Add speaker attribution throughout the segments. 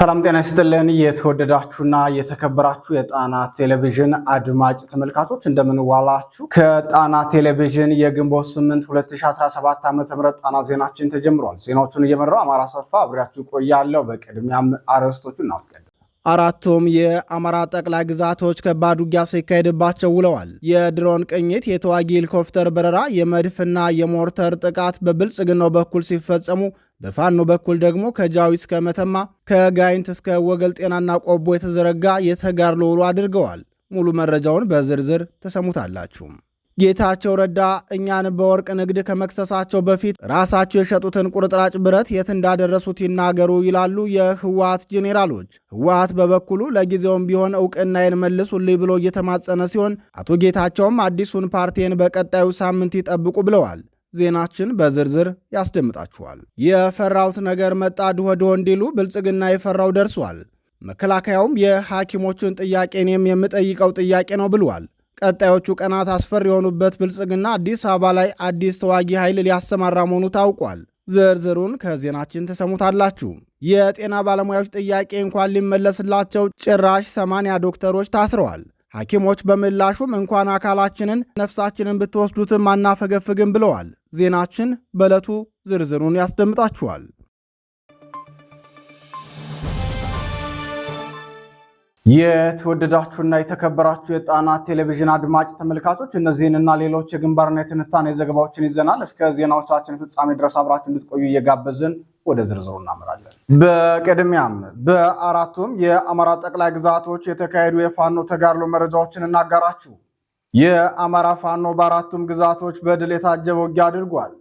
Speaker 1: ሰላም ጤና ይስጥልን። የተወደዳችሁና የተከበራችሁ የጣና ቴሌቪዥን አድማጭ ተመልካቾች እንደምንዋላችሁ። ከጣና ቴሌቪዥን የግንቦት 8 2017 ዓ ም ጣና ዜናችን ተጀምሯል። ዜናዎቹን እየመራው አማራ ሰፋ አብሬያችሁ ቆያለው። በቅድሚያም አርዕስቶቹ እናስቀድም።
Speaker 2: አራቱም የአማራ ጠቅላይ ግዛቶች ከባድ ውጊያ ሲካሄድባቸው ውለዋል። የድሮን ቅኝት፣ የተዋጊ ሄሊኮፕተር በረራ፣ የመድፍና የሞርተር ጥቃት በብልጽግናው በኩል ሲፈጸሙ በፋኖ በኩል ደግሞ ከጃዊ እስከ መተማ ከጋይንት እስከ ወገል ጤናና ቆቦ የተዘረጋ የተጋድሎ ውሎ አድርገዋል። ሙሉ መረጃውን በዝርዝር ተሰሙታላችሁ። ጌታቸው ረዳ እኛን በወርቅ ንግድ ከመክሰሳቸው በፊት ራሳቸው የሸጡትን ቁርጥራጭ ብረት የት እንዳደረሱት ይናገሩ ይላሉ የህወሓት ጄኔራሎች። ህወሓት በበኩሉ ለጊዜውም ቢሆን እውቅናዬን መልሱልኝ ብሎ እየተማጸነ ሲሆን፣ አቶ ጌታቸውም አዲሱን ፓርቲን በቀጣዩ ሳምንት ይጠብቁ ብለዋል። ዜናችን በዝርዝር ያስደምጣችኋል። የፈራሁት ነገር መጣ ድሆ ድሆ እንዲሉ ብልጽግና የፈራው ደርሷል። መከላከያውም የሐኪሞችን ጥያቄ እኔም የምጠይቀው ጥያቄ ነው ብሏል። ቀጣዮቹ ቀናት አስፈሪ የሆኑበት ብልጽግና አዲስ አበባ ላይ አዲስ ተዋጊ ኃይል ሊያሰማራ መሆኑ ታውቋል። ዝርዝሩን ከዜናችን ተሰሙታላችሁ። የጤና ባለሙያዎች ጥያቄ እንኳን ሊመለስላቸው ጭራሽ ሰማኒያ ዶክተሮች ታስረዋል። ሐኪሞች በምላሹም እንኳን አካላችንን ነፍሳችንን ብትወስዱትም አናፈገፍግም ብለዋል። ዜናችን በዕለቱ ዝርዝሩን ያስደምጣችኋል።
Speaker 1: የተወደዳችሁና የተከበራችሁ የጣና ቴሌቪዥን አድማጭ ተመልካቾች እነዚህን እና ሌሎች የግንባርና የትንታኔ ዘገባዎችን ይዘናል። እስከ ዜናዎቻችን ፍጻሜ ድረስ አብራችሁ እንድትቆዩ እየጋበዝን ወደ ዝርዝሩ እናመራለን። በቅድሚያም በአራቱም የአማራ ጠቅላይ ግዛቶች የተካሄዱ የፋኖ ተጋድሎ መረጃዎችን እናጋራችሁ። የአማራ ፋኖ በአራቱም ግዛቶች በድል የታጀበ ውጊያ አድርጓል።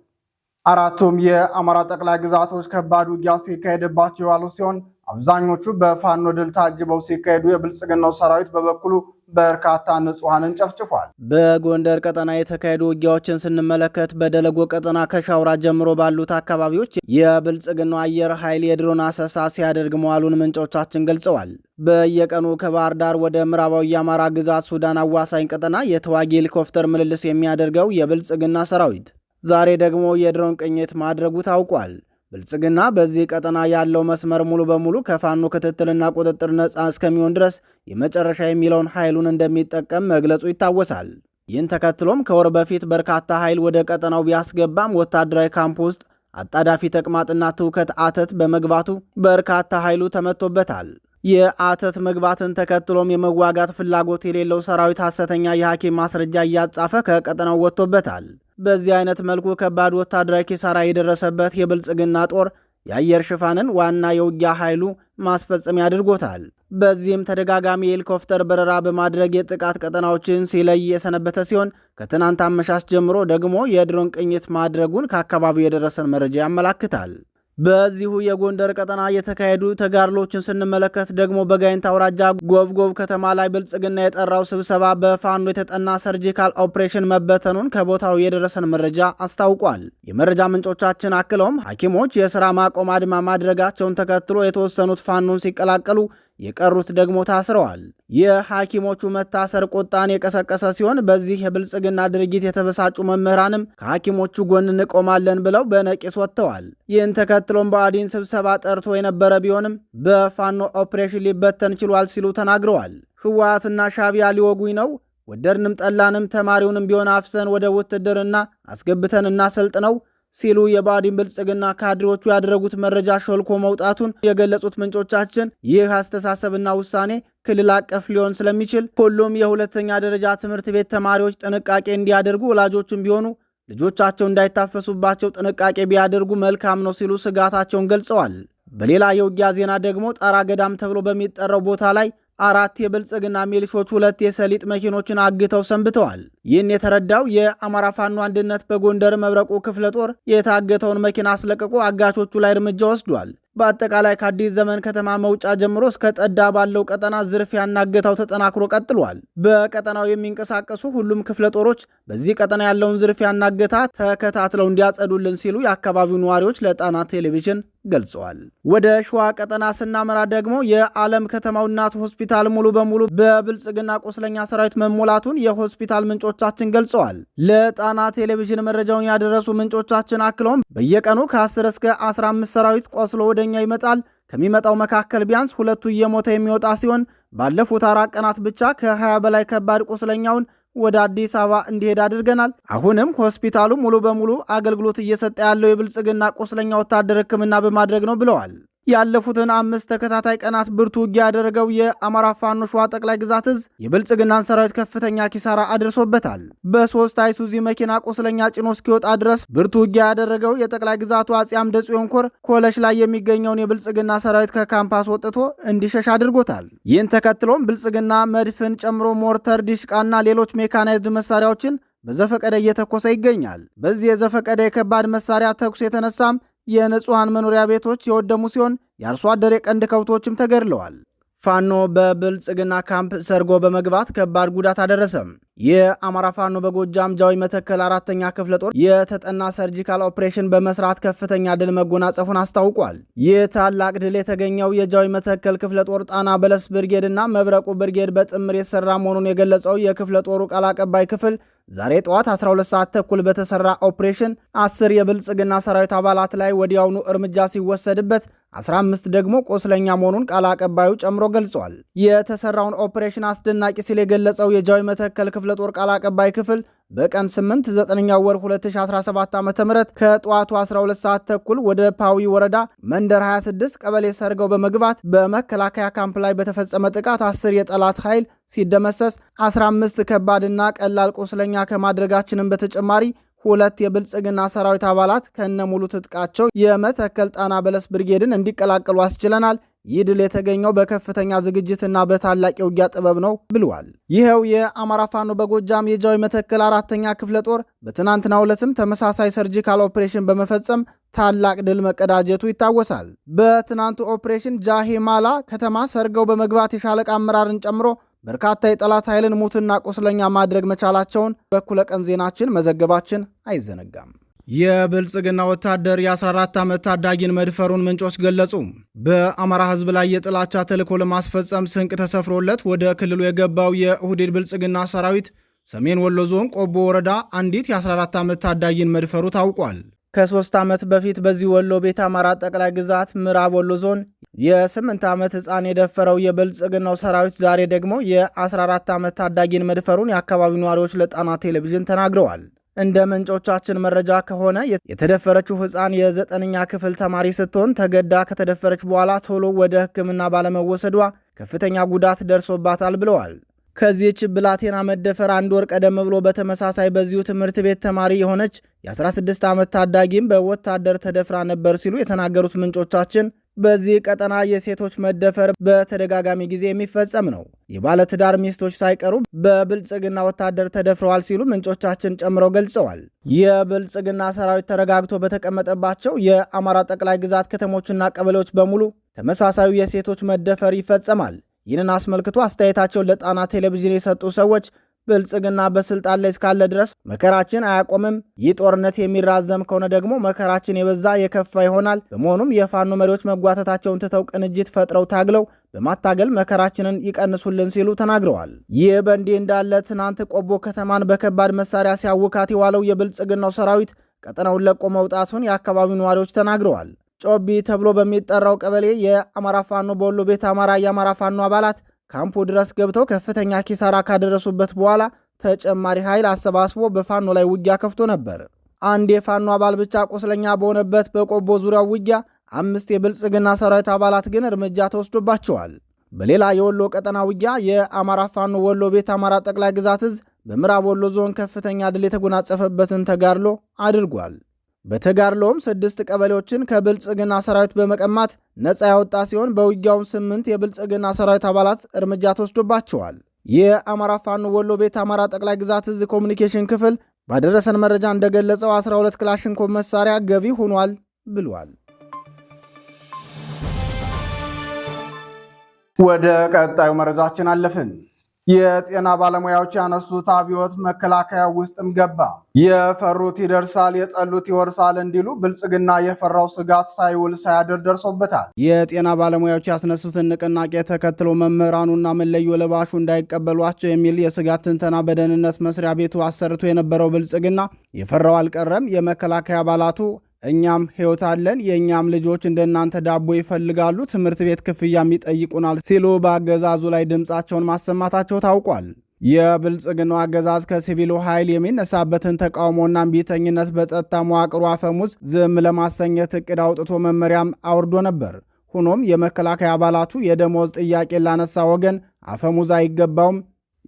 Speaker 1: አራቱም የአማራ ጠቅላይ ግዛቶች ከባድ ውጊያ ሲካሄድባቸው የዋሉ ሲሆን አብዛኞቹ በፋኖ ድል ታጅበው ሲካሄዱ የብልጽግናው ሰራዊት በበኩሉ በርካታ ንጹሐንን ጨፍጭፏል።
Speaker 3: በጎንደር ቀጠና የተካሄዱ ውጊያዎችን ስንመለከት በደለጎ ቀጠና ከሻውራ ጀምሮ ባሉት አካባቢዎች የብልጽግናው አየር ኃይል የድሮን አሰሳ ሲያደርግ መዋሉን ምንጮቻችን ገልጸዋል። በየቀኑ ከባህር ዳር ወደ ምዕራባዊ የአማራ ግዛት ሱዳን አዋሳኝ ቀጠና የተዋጊ ሄሊኮፕተር ምልልስ የሚያደርገው የብልጽግና ሰራዊት ዛሬ ደግሞ የድሮን ቅኝት ማድረጉ ታውቋል። ብልጽግና በዚህ ቀጠና ያለው መስመር ሙሉ በሙሉ ከፋኖ ክትትልና ቁጥጥር ነፃ እስከሚሆን ድረስ የመጨረሻ የሚለውን ኃይሉን እንደሚጠቀም መግለጹ ይታወሳል። ይህን ተከትሎም ከወር በፊት በርካታ ኃይል ወደ ቀጠናው ቢያስገባም ወታደራዊ ካምፕ ውስጥ አጣዳፊ ተቅማጥና ትውከት አተት በመግባቱ በርካታ ኃይሉ ተመቶበታል። የአተት መግባትን ተከትሎም የመዋጋት ፍላጎት የሌለው ሰራዊት ሐሰተኛ የሐኪም ማስረጃ እያጻፈ ከቀጠናው ወጥቶበታል። በዚህ አይነት መልኩ ከባድ ወታደራዊ ኪሳራ የደረሰበት የብልጽግና ጦር የአየር ሽፋንን ዋና የውጊያ ኃይሉ ማስፈጸሚያ አድርጎታል። በዚህም ተደጋጋሚ የሄሊኮፍተር በረራ በማድረግ የጥቃት ቀጠናዎችን ሲለይ የሰነበተ ሲሆን ከትናንት አመሻሽ ጀምሮ ደግሞ የድሮን ቅኝት ማድረጉን ከአካባቢው የደረሰን መረጃ ያመላክታል። በዚሁ የጎንደር ቀጠና የተካሄዱ ተጋድሎችን ስንመለከት ደግሞ በጋይንት አውራጃ ጎብጎብ ከተማ ላይ ብልጽግና የጠራው ስብሰባ በፋኖ የተጠና ሰርጂካል ኦፕሬሽን መበተኑን ከቦታው የደረሰን መረጃ አስታውቋል። የመረጃ ምንጮቻችን አክለውም ሐኪሞች የስራ ማቆም አድማ ማድረጋቸውን ተከትሎ የተወሰኑት ፋኖን ሲቀላቀሉ የቀሩት ደግሞ ታስረዋል። የሐኪሞቹ መታሰር ቁጣን የቀሰቀሰ ሲሆን በዚህ የብልጽግና ድርጊት የተበሳጩ መምህራንም ከሐኪሞቹ ጎን እንቆማለን ብለው በነቂስ ወጥተዋል። ይህን ተከትሎም ብአዴን ስብሰባ ጠርቶ የነበረ ቢሆንም በፋኖ ኦፕሬሽን ሊበተን ችሏል ሲሉ ተናግረዋል። ህወሓትና ሻቢያ ሊወጉኝ ነው ወደድንም ጠላንም ተማሪውንም ቢሆን አፍሰን ወደ ውትድርና አስገብተን እናሰልጥ ነው ሲሉ የባዲን ብልጽግና ካድሬዎቹ ያደረጉት መረጃ ሾልኮ መውጣቱን የገለጹት ምንጮቻችን ይህ አስተሳሰብና ውሳኔ ክልል አቀፍ ሊሆን ስለሚችል ሁሉም የሁለተኛ ደረጃ ትምህርት ቤት ተማሪዎች ጥንቃቄ እንዲያደርጉ ወላጆችም ቢሆኑ ልጆቻቸው እንዳይታፈሱባቸው ጥንቃቄ ቢያደርጉ መልካም ነው ሲሉ ስጋታቸውን ገልጸዋል። በሌላ የውጊያ ዜና ደግሞ ጣራ ገዳም ተብሎ በሚጠራው ቦታ ላይ አራት የብልጽግና ሚሊሾች ሁለት የሰሊጥ መኪኖችን አግተው ሰንብተዋል። ይህን የተረዳው የአማራ ፋኖ አንድነት በጎንደር መብረቁ ክፍለ ጦር የታገተውን መኪና አስለቅቆ አጋቾቹ ላይ እርምጃ ወስዷል። በአጠቃላይ ከአዲስ ዘመን ከተማ መውጫ ጀምሮ እስከ ጠዳ ባለው ቀጠና ዝርፊያና እገታው ተጠናክሮ ቀጥሏል። በቀጠናው የሚንቀሳቀሱ ሁሉም ክፍለ ጦሮች በዚህ ቀጠና ያለውን ዝርፊያና እገታ ተከታትለው እንዲያጸዱልን ሲሉ የአካባቢው ነዋሪዎች ለጣና ቴሌቪዥን ገልጸዋል። ወደ ሸዋ ቀጠና ስናመራ ደግሞ የዓለም ከተማው እናቱ ሆስፒታል ሙሉ በሙሉ በብልጽግና ቁስለኛ ሰራዊት መሞላቱን የሆስፒታል ምንጮቻችን ገልጸዋል። ለጣና ቴሌቪዥን መረጃውን ያደረሱ ምንጮቻችን አክለውም በየቀኑ ከ10 እስከ 15 ሰራዊት ቆስሎ ወደ ቁስለኛ ይመጣል። ከሚመጣው መካከል ቢያንስ ሁለቱ እየሞተ የሚወጣ ሲሆን ባለፉት አራት ቀናት ብቻ ከ20 በላይ ከባድ ቁስለኛውን ወደ አዲስ አበባ እንዲሄድ አድርገናል። አሁንም ሆስፒታሉ ሙሉ በሙሉ አገልግሎት እየሰጠ ያለው የብልጽግና ቁስለኛ ወታደር ሕክምና በማድረግ ነው ብለዋል። ያለፉትን አምስት ተከታታይ ቀናት ብርቱ ውጊያ ያደረገው የአማራ ፋኖ ሸዋ ጠቅላይ ግዛት እዝ የብልጽግናን ሰራዊት ከፍተኛ ኪሳራ አድርሶበታል። በሶስት አይሱዚ መኪና ቁስለኛ ጭኖ እስኪወጣ ድረስ ብርቱ ውጊያ ያደረገው የጠቅላይ ግዛቱ አጼ አምደ ጽዮን ኮር ኮለሽ ላይ የሚገኘውን የብልጽግና ሰራዊት ከካምፓስ ወጥቶ እንዲሸሽ አድርጎታል። ይህን ተከትሎም ብልጽግና መድፍን ጨምሮ ሞርተር፣ ዲሽቃና ሌሎች ሜካናይዝድ መሳሪያዎችን በዘፈቀደ እየተኮሰ ይገኛል። በዚህ የዘፈቀደ የከባድ መሳሪያ ተኩስ የተነሳም የንጹሐን መኖሪያ ቤቶች የወደሙ ሲሆን የአርሶ አደር የቀንድ ከብቶችም ተገድለዋል። ፋኖ በብልጽግና ካምፕ ሰርጎ በመግባት ከባድ ጉዳት አደረሰ። የአማራ ፋኖ በጎጃም ጃዊ መተከል አራተኛ ክፍለ ጦር የተጠና ሰርጂካል ኦፕሬሽን በመስራት ከፍተኛ ድል መጎናጸፉን አስታውቋል። ይህ ታላቅ ድል የተገኘው የጃዊ መተከል ክፍለ ጦር ጣና በለስ ብርጌድ እና መብረቁ ብርጌድ በጥምር የተሰራ መሆኑን የገለጸው የክፍለ ጦሩ ቃል አቀባይ ክፍል ዛሬ ጠዋት 12 ሰዓት ተኩል በተሰራ ኦፕሬሽን አስር የብልጽግና ሰራዊት አባላት ላይ ወዲያውኑ እርምጃ ሲወሰድበት 15 ደግሞ ቆስለኛ መሆኑን ቃል አቀባዩ ጨምሮ ገልጿል። የተሰራውን ኦፕሬሽን አስደናቂ ሲል የገለጸው የጃዊ መተከል ክፍለ ጦር ቃል አቀባይ ክፍል በቀን 8 9 ወር 2017 ዓ ም ከጠዋቱ 12 ሰዓት ተኩል ወደ ፓዊ ወረዳ መንደር 26 ቀበሌ ሰርገው በመግባት በመከላከያ ካምፕ ላይ በተፈጸመ ጥቃት 10 የጠላት ኃይል ሲደመሰስ 15 ከባድና ቀላል ቁስለኛ ከማድረጋችንም በተጨማሪ ሁለት የብልጽግና ሰራዊት አባላት ከነ ሙሉ ትጥቃቸው የመተከል ጣና በለስ ብርጌድን እንዲቀላቀሉ አስችለናል። ይህ ድል የተገኘው በከፍተኛ ዝግጅትና በታላቅ የውጊያ ጥበብ ነው ብለዋል። ይኸው የአማራ ፋኖ በጎጃም የጃዊ መተከል አራተኛ ክፍለ ጦር በትናንትናው ዕለትም ተመሳሳይ ሰርጂካል ኦፕሬሽን በመፈጸም ታላቅ ድል መቀዳጀቱ ይታወሳል። በትናንቱ ኦፕሬሽን ጃሄማላ ከተማ ሰርገው በመግባት የሻለቃ አመራርን ጨምሮ በርካታ የጠላት ኃይልን ሙትና ቁስለኛ ማድረግ መቻላቸውን በኩለ ቀን ዜናችን መዘገባችን አይዘነጋም።
Speaker 2: የብልጽግና ወታደር የ14 ዓመት ታዳጊን መድፈሩን ምንጮች ገለጹ። በአማራ ሕዝብ ላይ የጥላቻ ተልዕኮ ለማስፈጸም ስንቅ ተሰፍሮለት ወደ ክልሉ የገባው የኦህዴድ ብልጽግና ሰራዊት ሰሜን ወሎ ዞን ቆቦ ወረዳ አንዲት የ14 ዓመት ታዳጊን መድፈሩ ታውቋል። ከሶስት ዓመት በፊት በዚህ ወሎ ቤት አማራ ጠቅላይ ግዛት ምዕራብ ወሎ ዞን የስምንት ዓመት ሕፃን የደፈረው የብልጽግናው ሰራዊት ዛሬ ደግሞ የ14 ዓመት ታዳጊን መድፈሩን የአካባቢው ነዋሪዎች ለጣና ቴሌቪዥን ተናግረዋል። እንደ ምንጮቻችን መረጃ ከሆነ የተደፈረችው ሕፃን የዘጠነኛ ክፍል ተማሪ ስትሆን ተገዳ ከተደፈረች በኋላ ቶሎ ወደ ሕክምና ባለመወሰዷ ከፍተኛ ጉዳት ደርሶባታል ብለዋል። ከዚህች ብላቴና መደፈር አንድ ወር ቀደም ብሎ በተመሳሳይ በዚሁ ትምህርት ቤት ተማሪ የሆነች የ16 ዓመት ታዳጊም በወታደር ተደፍራ ነበር ሲሉ የተናገሩት ምንጮቻችን በዚህ ቀጠና የሴቶች መደፈር በተደጋጋሚ ጊዜ የሚፈጸም ነው። የባለትዳር ሚስቶች ሳይቀሩ በብልጽግና ወታደር ተደፍረዋል ሲሉ ምንጮቻችን ጨምረው ገልጸዋል። የብልጽግና ሰራዊት ተረጋግቶ በተቀመጠባቸው የአማራ ጠቅላይ ግዛት ከተሞችና ቀበሌዎች በሙሉ ተመሳሳዩ የሴቶች መደፈር ይፈጸማል። ይህንን አስመልክቶ አስተያየታቸውን ለጣና ቴሌቪዥን የሰጡ ሰዎች ብልጽግና በስልጣን ላይ እስካለ ድረስ መከራችን አያቆምም። ይህ ጦርነት የሚራዘም ከሆነ ደግሞ መከራችን የበዛ የከፋ ይሆናል። በመሆኑም የፋኖ መሪዎች መጓተታቸውን ትተው ቅንጅት ፈጥረው ታግለው በማታገል መከራችንን ይቀንሱልን ሲሉ ተናግረዋል። ይህ በእንዲህ እንዳለ ትናንት ቆቦ ከተማን በከባድ መሳሪያ ሲያውካት የዋለው የብልጽግናው ሰራዊት ቀጠናውን ለቆ መውጣቱን የአካባቢው ነዋሪዎች ተናግረዋል። ጮቢ ተብሎ በሚጠራው ቀበሌ የአማራ ፋኖ በወሎ ቤት አማራ የአማራ ፋኖ አባላት ካምፑ ድረስ ገብተው ከፍተኛ ኪሳራ ካደረሱበት በኋላ ተጨማሪ ኃይል አሰባስቦ በፋኖ ላይ ውጊያ ከፍቶ ነበር። አንድ የፋኖ አባል ብቻ ቁስለኛ በሆነበት በቆቦ ዙሪያ ውጊያ አምስት የብልጽግና ሰራዊት አባላት ግን እርምጃ ተወስዶባቸዋል። በሌላ የወሎ ቀጠና ውጊያ የአማራ ፋኖ ወሎ ቤት አማራ ጠቅላይ ግዛት እዝ በምዕራብ ወሎ ዞን ከፍተኛ ድል የተጎናጸፈበትን ተጋድሎ አድርጓል። በተጋድሎም ስድስት ቀበሌዎችን ከብልጽግና ሰራዊት በመቀማት ነፃ ያወጣ ሲሆን በውጊያውም ስምንት የብልጽግና ሰራዊት አባላት እርምጃ ተወስዶባቸዋል። የአማራ ፋኖ ወሎ ቤት አማራ ጠቅላይ ግዛት እዝ ኮሚኒኬሽን ክፍል ባደረሰን መረጃ እንደገለጸው 12 ክላሽንኮቭ መሳሪያ ገቢ ሆኗል ብሏል።
Speaker 1: ወደ ቀጣዩ መረጃችን አለፍን። የጤና ባለሙያዎች ያነሱት አብዮት መከላከያ ውስጥም ገባ። የፈሩት ይደርሳል፣ የጠሉት ይወርሳል እንዲሉ ብልጽግና የፈራው ስጋት ሳይውል ሳያድር ደርሶበታል። የጤና ባለሙያዎች ያስነሱትን ንቅናቄ ተከትሎ መምህራኑና መለዮ ለባሹ እንዳይቀበሏቸው የሚል የስጋት ትንተና በደህንነት መስሪያ ቤቱ አሰርቶ የነበረው ብልጽግና የፈራው አልቀረም። የመከላከያ አባላቱ እኛም ህይወት አለን፣ የእኛም ልጆች እንደናንተ ዳቦ ይፈልጋሉ፣ ትምህርት ቤት ክፍያም ይጠይቁናል ሲሉ በአገዛዙ ላይ ድምፃቸውን ማሰማታቸው ታውቋል። የብልጽግናው አገዛዝ ከሲቪሉ ኃይል የሚነሳበትን ተቃውሞና እምቢተኝነት በጸጥታ መዋቅሩ አፈሙዝ ዝም ለማሰኘት እቅድ አውጥቶ መመሪያም አውርዶ ነበር። ሆኖም የመከላከያ አባላቱ የደሞዝ ጥያቄን ላነሳ ወገን አፈሙዝ አይገባውም፣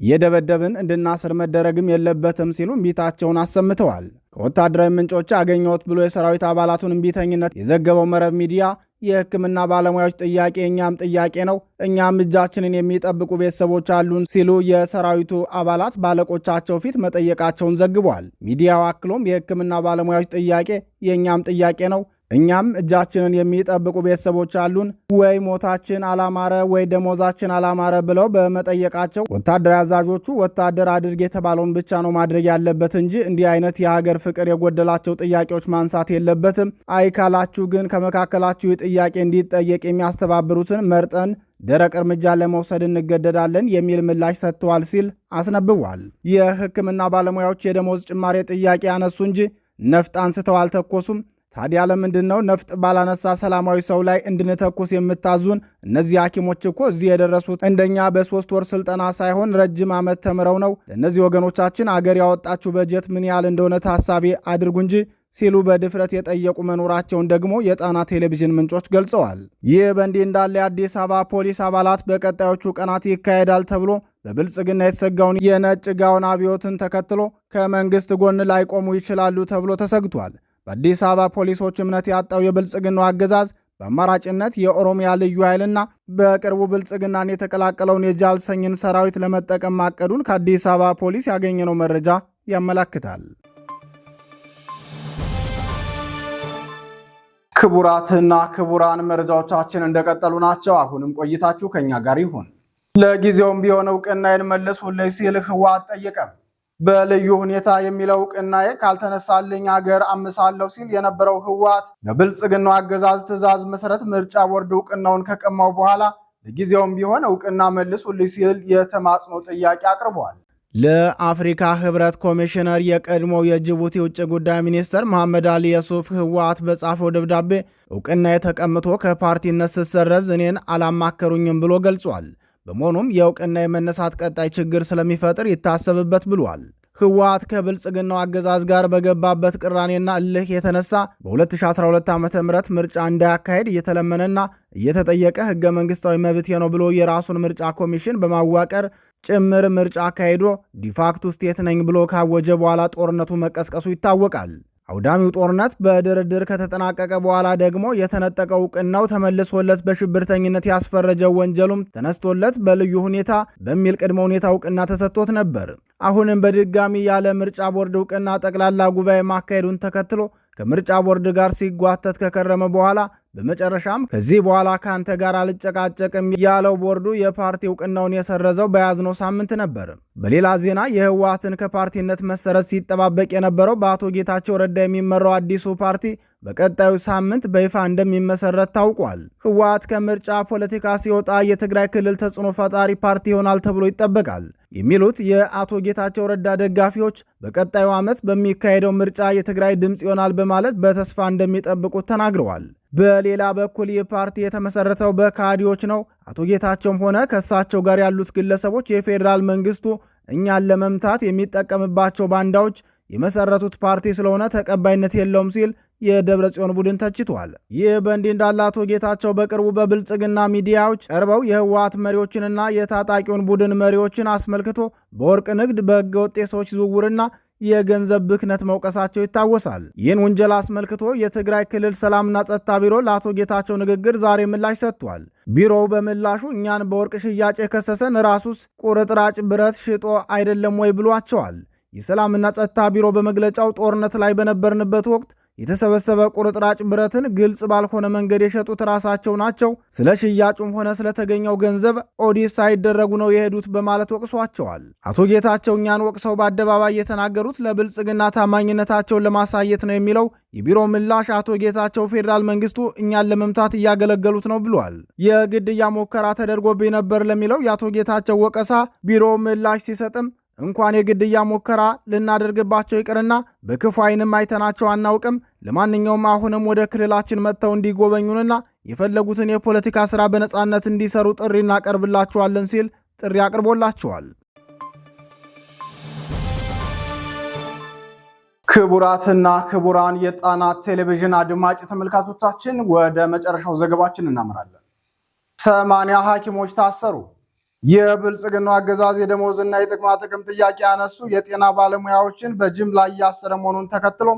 Speaker 1: የደበደብን እንድናስር መደረግም የለበትም ሲሉ እምቢታቸውን አሰምተዋል። ከወታደራዊ ምንጮች አገኘሁት ብሎ የሰራዊት አባላቱን እምቢተኝነት የዘገበው መረብ ሚዲያ የሕክምና ባለሙያዎች ጥያቄ እኛም ጥያቄ ነው፣ እኛም እጃችንን የሚጠብቁ ቤተሰቦች አሉን ሲሉ የሰራዊቱ አባላት ባለቆቻቸው ፊት መጠየቃቸውን ዘግቧል። ሚዲያው አክሎም የሕክምና ባለሙያዎች ጥያቄ የእኛም ጥያቄ ነው እኛም እጃችንን የሚጠብቁ ቤተሰቦች አሉን። ወይ ሞታችን አላማረ ወይ ደሞዛችን አላማረ ብለው በመጠየቃቸው ወታደር አዛዦቹ ወታደር አድርግ የተባለውን ብቻ ነው ማድረግ ያለበት እንጂ እንዲህ አይነት የሀገር ፍቅር የጎደላቸው ጥያቄዎች ማንሳት የለበትም። አይካላችሁ ግን ከመካከላችሁ ጥያቄ እንዲጠየቅ የሚያስተባብሩትን መርጠን ደረቅ እርምጃ ለመውሰድ እንገደዳለን የሚል ምላሽ ሰጥተዋል ሲል አስነብቧል። የሕክምና ባለሙያዎች የደሞዝ ጭማሪ ጥያቄ ያነሱ እንጂ ነፍጥ አንስተው አልተኮሱም ታዲያ ለምንድን ነው ነፍጥ ባላነሳ ሰላማዊ ሰው ላይ እንድንተኩስ የምታዙን? እነዚህ ሐኪሞች እኮ እዚህ የደረሱት እንደኛ በሶስት ወር ስልጠና ሳይሆን ረጅም ዓመት ተምረው ነው። ለእነዚህ ወገኖቻችን አገር ያወጣችው በጀት ምን ያህል እንደሆነ ታሳቢ አድርጉ እንጂ ሲሉ በድፍረት የጠየቁ መኖራቸውን ደግሞ የጣና ቴሌቪዥን ምንጮች ገልጸዋል። ይህ በእንዲህ እንዳለ የአዲስ አበባ ፖሊስ አባላት በቀጣዮቹ ቀናት ይካሄዳል ተብሎ በብልጽግና የተሰጋውን የነጭ ጋውን አብዮትን ተከትሎ ከመንግስት ጎን ላይቆሙ ይችላሉ ተብሎ ተሰግቷል። በአዲስ አበባ ፖሊሶች እምነት ያጣው የብልጽግናው አገዛዝ በአማራጭነት የኦሮሚያ ልዩ ኃይልና በቅርቡ ብልጽግናን የተቀላቀለውን የጃልሰኝን ሰራዊት ለመጠቀም ማቀዱን ከአዲስ አበባ ፖሊስ ያገኘነው መረጃ ያመላክታል። ክቡራትና ክቡራን መረጃዎቻችን እንደቀጠሉ ናቸው። አሁንም ቆይታችሁ ከኛ ጋር ይሁን። ለጊዜውም ቢሆን እውቅናዬን መልሱልኝ ሲል ህወሓት ጠየቀም። በልዩ ሁኔታ የሚለው እውቅናዬ ካልተነሳልኝ አገር አምሳለሁ ሲል የነበረው ህወሓት በብልጽግናው አገዛዝ ትዕዛዝ መሰረት ምርጫ ቦርድ እውቅናውን ከቀማው በኋላ ለጊዜውም ቢሆን እውቅና መልሱልኝ ሲል የተማጽኖ ጥያቄ አቅርቧል።
Speaker 2: ለአፍሪካ ህብረት ኮሚሽነር የቀድሞው የጅቡቲ ውጭ ጉዳይ ሚኒስትር መሐመድ አሊ የሱፍ ህወሓት በጻፈው ደብዳቤ እውቅና የተቀምቶ ከፓርቲነት ስሰረዝ እኔን አላማከሩኝም ብሎ ገልጿል። በመሆኑም የእውቅና የመነሳት ቀጣይ ችግር ስለሚፈጥር ይታሰብበት ብሏል። ህወሓት ከብልጽግናው አገዛዝ ጋር በገባበት ቅራኔና እልህ የተነሳ በ2012 ዓ ም ምርጫ እንዳያካሄድ እየተለመነና እየተጠየቀ ህገ መንግስታዊ መብቴ ነው ብሎ የራሱን ምርጫ ኮሚሽን በማዋቀር ጭምር ምርጫ አካሂዶ ዲፋክቱ ስቴት ነኝ ብሎ ካወጀ በኋላ ጦርነቱ መቀስቀሱ ይታወቃል። አውዳሚው ጦርነት በድርድር ከተጠናቀቀ በኋላ ደግሞ የተነጠቀ እውቅናው ተመልሶለት በሽብርተኝነት ያስፈረጀው ወንጀሉም ተነስቶለት በልዩ ሁኔታ በሚል ቅድመ ሁኔታ እውቅና ተሰጥቶት ነበር። አሁንም በድጋሚ ያለ ምርጫ ቦርድ እውቅና ጠቅላላ ጉባኤ ማካሄዱን ተከትሎ ከምርጫ ቦርድ ጋር ሲጓተት ከከረመ በኋላ በመጨረሻም ከዚህ በኋላ ከአንተ ጋር አልጨቃጨቅም ያለው ቦርዱ የፓርቲ እውቅናውን የሰረዘው በያዝነው ሳምንት ነበር። በሌላ ዜና የህወሓትን ከፓርቲነት መሰረት ሲጠባበቅ የነበረው በአቶ ጌታቸው ረዳ የሚመራው አዲሱ ፓርቲ በቀጣዩ ሳምንት በይፋ እንደሚመሰረት ታውቋል። ህወሓት ከምርጫ ፖለቲካ ሲወጣ የትግራይ ክልል ተጽዕኖ ፈጣሪ ፓርቲ ይሆናል ተብሎ ይጠበቃል። የሚሉት የአቶ ጌታቸው ረዳ ደጋፊዎች በቀጣዩ ዓመት በሚካሄደው ምርጫ የትግራይ ድምፅ ይሆናል በማለት በተስፋ እንደሚጠብቁት ተናግረዋል። በሌላ በኩል ይህ ፓርቲ የተመሰረተው በካዲዎች ነው። አቶ ጌታቸውም ሆነ ከእሳቸው ጋር ያሉት ግለሰቦች የፌዴራል መንግስቱ እኛን ለመምታት የሚጠቀምባቸው ባንዳዎች የመሰረቱት ፓርቲ ስለሆነ ተቀባይነት የለውም ሲል የደብረ ጽዮን ቡድን ተችቷል። ይህ በእንዲህ እንዳለ አቶ ጌታቸው በቅርቡ በብልጽግና ሚዲያዎች ቀርበው የህወሀት መሪዎችንና የታጣቂውን ቡድን መሪዎችን አስመልክቶ በወርቅ ንግድ፣ በህገወጥ የሰዎች ዝውውርና የገንዘብ ብክነት መውቀሳቸው ይታወሳል። ይህን ወንጀል አስመልክቶ የትግራይ ክልል ሰላምና ጸጥታ ቢሮ ለአቶ ጌታቸው ንግግር ዛሬ ምላሽ ሰጥቷል። ቢሮው በምላሹ እኛን በወርቅ ሽያጭ የከሰሰን ራሱስ ቁርጥራጭ ብረት ሽጦ አይደለም ወይ ብሏቸዋል። የሰላምና ጸጥታ ቢሮ በመግለጫው ጦርነት ላይ በነበርንበት ወቅት የተሰበሰበ ቁርጥራጭ ብረትን ግልጽ ባልሆነ መንገድ የሸጡት ራሳቸው ናቸው። ስለ ሽያጩም ሆነ ስለተገኘው ገንዘብ ኦዲት ሳይደረጉ ነው የሄዱት በማለት ወቅሷቸዋል። አቶ ጌታቸው እኛን ወቅሰው በአደባባይ የተናገሩት ለብልጽግና ታማኝነታቸውን ለማሳየት ነው የሚለው የቢሮ ምላሽ አቶ ጌታቸው ፌዴራል መንግስቱ እኛን ለመምታት እያገለገሉት ነው ብሏል። የግድያ ሙከራ ተደርጎብኝ ነበር ለሚለው የአቶ ጌታቸው ወቀሳ ቢሮ ምላሽ ሲሰጥም እንኳን የግድያ ሙከራ ልናደርግባቸው ይቅርና በክፉ ዓይንም አይተናቸው አናውቅም። ለማንኛውም አሁንም ወደ ክልላችን መጥተው እንዲጎበኙንና የፈለጉትን የፖለቲካ ሥራ በነፃነት እንዲሰሩ ጥሪ እናቀርብላቸዋለን ሲል ጥሪ አቅርቦላቸዋል።
Speaker 1: ክቡራትና ክቡራን የጣና ቴሌቪዥን አድማጭ ተመልካቾቻችን ወደ መጨረሻው ዘገባችን እናመራለን። ሰማንያ ሐኪሞች ታሰሩ። የብልጽግናው አገዛዝ የደሞዝና የጥቅማ ጥቅም ጥያቄ ያነሱ የጤና ባለሙያዎችን በጅምላ እያሰረ መሆኑን ተከትሎ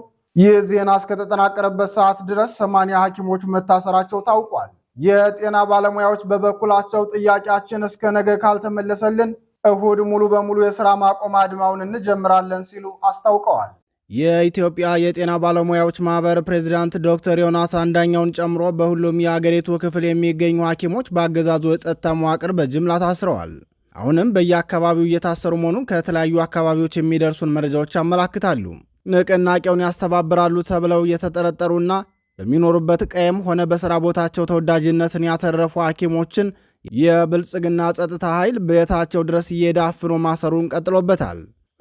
Speaker 1: ይህ ዜና እስከተጠናቀረበት ሰዓት ድረስ ሰማንያ ሐኪሞች መታሰራቸው ታውቋል። የጤና ባለሙያዎች በበኩላቸው ጥያቄያችን እስከ ነገ ካልተመለሰልን እሁድ ሙሉ በሙሉ የስራ ማቆም አድማውን እንጀምራለን ሲሉ አስታውቀዋል። የኢትዮጵያ የጤና ባለሙያዎች ማህበር ፕሬዚዳንት ዶክተር ዮናታን ዳኛውን ጨምሮ በሁሉም የአገሪቱ ክፍል የሚገኙ ሐኪሞች በአገዛዙ የጸጥታ መዋቅር በጅምላ ታስረዋል። አሁንም በየአካባቢው እየታሰሩ መሆኑን ከተለያዩ አካባቢዎች የሚደርሱን መረጃዎች ያመላክታሉ። ንቅናቄውን ያስተባብራሉ ተብለው የተጠረጠሩና በሚኖሩበት ቀየም ሆነ በሥራ ቦታቸው ተወዳጅነትን ያተረፉ ሐኪሞችን የብልጽግና ጸጥታ ኃይል ቤታቸው ድረስ እየዳፍኖ ማሰሩን ቀጥሎበታል።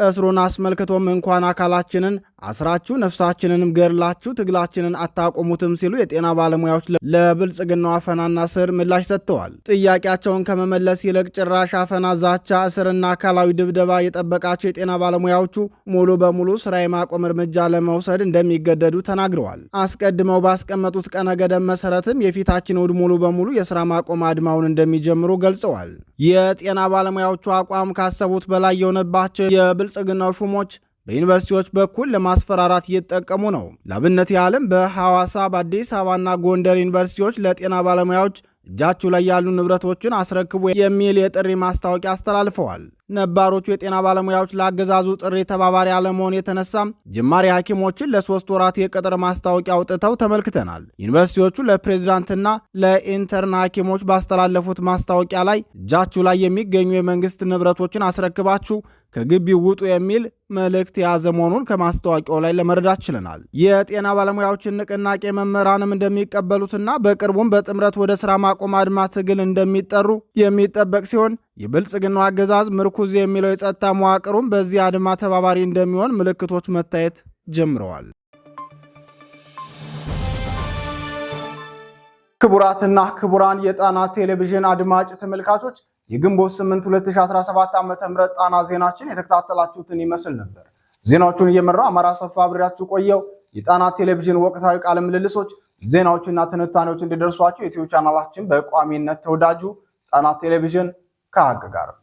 Speaker 1: እስሩን አስመልክቶም እንኳን አካላችንን አስራችሁ ነፍሳችንንም ገድላችሁ ትግላችንን አታቆሙትም ሲሉ የጤና ባለሙያዎች ለብልጽግናው አፈናና እስር ምላሽ ሰጥተዋል። ጥያቄያቸውን ከመመለስ ይልቅ ጭራሽ አፈና፣ ዛቻ፣ እስርና አካላዊ ድብደባ የጠበቃቸው የጤና ባለሙያዎቹ ሙሉ በሙሉ ስራ የማቆም እርምጃ ለመውሰድ እንደሚገደዱ ተናግረዋል። አስቀድመው ባስቀመጡት ቀነ ገደብ መሰረትም የፊታችን እሁድ ሙሉ በሙሉ የስራ ማቆም አድማውን እንደሚጀምሩ ገልጸዋል። የጤና ባለሙያዎቹ አቋም ካሰቡት በላይ የሆነባቸው የብልጽግናው ሹሞች በዩኒቨርሲቲዎች በኩል ለማስፈራራት እየተጠቀሙ ነው። ለአብነት ያህልም በሐዋሳ በአዲስ አበባና ጎንደር ዩኒቨርሲቲዎች ለጤና ባለሙያዎች እጃችሁ ላይ ያሉ ንብረቶችን አስረክቡ የሚል የጥሪ ማስታወቂያ አስተላልፈዋል። ነባሮቹ የጤና ባለሙያዎች ለአገዛዙ ጥሪ ተባባሪ አለመሆን የተነሳ ጅማሪ ሐኪሞችን ለሶስት ወራት የቅጥር ማስታወቂያ አውጥተው ተመልክተናል። ዩኒቨርሲቲዎቹ ለፕሬዚዳንትና ለኢንተርን ሐኪሞች ባስተላለፉት ማስታወቂያ ላይ እጃችሁ ላይ የሚገኙ የመንግስት ንብረቶችን አስረክባችሁ ከግቢው ውጡ የሚል መልእክት የያዘ መሆኑን ከማስታወቂያው ላይ ለመረዳት ችለናል። የጤና ባለሙያዎችን ንቅናቄ መምህራንም እንደሚቀበሉትና በቅርቡም በጥምረት ወደ ስራ ማቆም አድማ ትግል እንደሚጠሩ የሚጠበቅ ሲሆን የብልጽግናው አገዛዝ ምርኩዝ የሚለው የጸጥታ መዋቅሩም በዚህ አድማ ተባባሪ እንደሚሆን ምልክቶች መታየት ጀምረዋል። ክቡራትና ክቡራን የጣና ቴሌቪዥን አድማጭ ተመልካቾች የግንቦት 8 2017 ዓ.ም ጣና ዜናችን የተከታተላችሁትን ይመስል ነበር። ዜናዎቹን እየመራው አማራ ሰፋ አብሬያችሁ ቆየው። የጣና ቴሌቪዥን ወቅታዊ ቃለ ምልልሶች፣ ዜናዎችና ትንታኔዎች እንዲደርሷቸው የዩቲዩብ ቻናላችን በቋሚነት ተወዳጁ ጣና ቴሌቪዥን కాగగారు